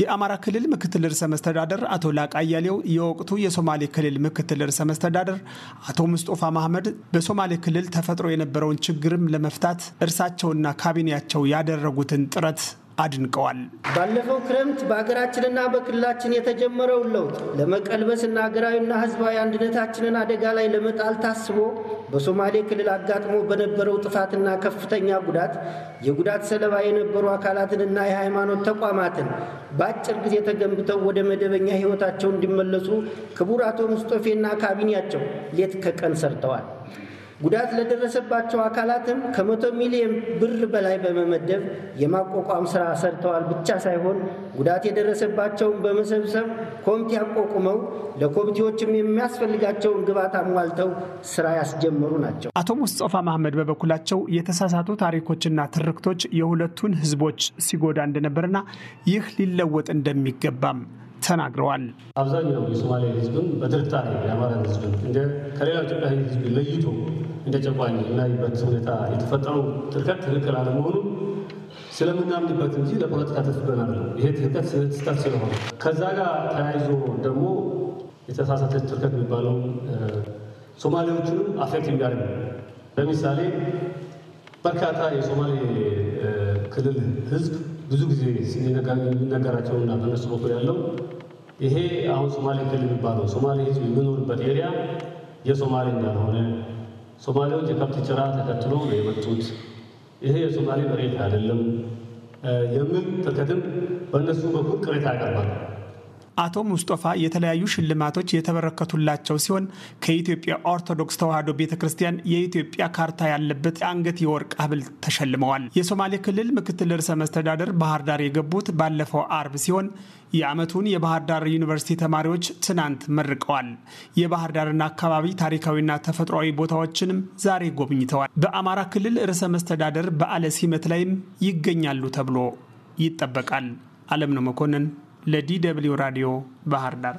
የአማራ ክልል ምክትል ርዕሰ መስተዳደር አቶ ላቃ አያሌው፣ የወቅቱ የሶማሌ ክልል ምክትል ርዕሰ መስተዳደር አቶ ሙስጦፋ ማህመድ በሶማሌ ክልል ተፈጥሮ የነበረውን ችግርም ለመፍታት እርሳቸውና ካቢኔያቸው ያደረጉትን ጥረት አድንቀዋል። ባለፈው ክረምት በሀገራችንና በክልላችን የተጀመረውን ለውጥ ለመቀልበስና ሀገራዊና ህዝባዊ አንድነታችንን አደጋ ላይ ለመጣል ታስቦ በሶማሌ ክልል አጋጥሞ በነበረው ጥፋትና ከፍተኛ ጉዳት የጉዳት ሰለባ የነበሩ አካላትንና የሃይማኖት ተቋማትን በአጭር ጊዜ ተገንብተው ወደ መደበኛ ህይወታቸው እንዲመለሱ ክቡር አቶ ሙስጦፌና ካቢኔያቸው ሌት ከቀን ሰርተዋል። ጉዳት ለደረሰባቸው አካላትም ከመቶ ሚሊዮን ብር በላይ በመመደብ የማቋቋም ስራ ሰርተዋል ብቻ ሳይሆን ጉዳት የደረሰባቸውን በመሰብሰብ ኮሚቴ አቋቁመው ለኮሚቴዎችም የሚያስፈልጋቸውን ግብዓት አሟልተው ስራ ያስጀመሩ ናቸው። አቶ ሙስጠፋ መሐመድ በበኩላቸው የተሳሳቱ ታሪኮችና ትርክቶች የሁለቱን ህዝቦች ሲጎዳ እንደነበርና ይህ ሊለወጥ እንደሚገባም ተናግረዋል። አብዛኛው የሶማሌ ህዝብን በጥርጣሬ የአማራ ህዝብ እንደ ከሌላ ኢትዮጵያ ህዝብ ለይቶ እንደ ጨቋኝ እናይበት ሁኔታ የተፈጠረው ጥልቀት ትክክል አለመሆኑ ስለምናምንበት እንጂ ለፖለቲካ ተስበናል ነው። ይሄ ትልቀት ስህተት ስለሆነ ከዛ ጋር ተያይዞ ደግሞ የተሳሳተ ትልቀት የሚባለው ሶማሌዎቹንም አፌክት የሚያደርግ ለምሳሌ በርካታ የሶማሌ ክልል ህዝብ ብዙ ጊዜ እና በነሱ በኩል ያለው ይሄ አሁን ሶማሌ ክልል የሚባለው ሶማሌ ህዝብ የሚኖርበት ኤሪያ የሶማሌ እንዳልሆነ ሶማሌዎች የከብት ጭራ ተከትሎ ነው የመጡት፣ ይሄ የሶማሌ መሬት አይደለም የሚል ጥቅትም በእነሱ በኩል ቅሬታ ያቀርባል። አቶ ሙስጦፋ የተለያዩ ሽልማቶች የተበረከቱላቸው ሲሆን ከኢትዮጵያ ኦርቶዶክስ ተዋሕዶ ቤተ ክርስቲያን የኢትዮጵያ ካርታ ያለበት የአንገት የወርቅ ሀብል ተሸልመዋል። የሶማሌ ክልል ምክትል ርዕሰ መስተዳደር ባህር ዳር የገቡት ባለፈው አርብ ሲሆን የዓመቱን የባህር ዳር ዩኒቨርሲቲ ተማሪዎች ትናንት መርቀዋል። የባህር ዳርና አካባቢ ታሪካዊና ተፈጥሯዊ ቦታዎችንም ዛሬ ጎብኝተዋል። በአማራ ክልል ርዕሰ መስተዳደር በዓለ ሲመት ላይም ይገኛሉ ተብሎ ይጠበቃል። አለምነው መኮንን ለዲ ደብልዩ ራዲዮ ባህር ዳር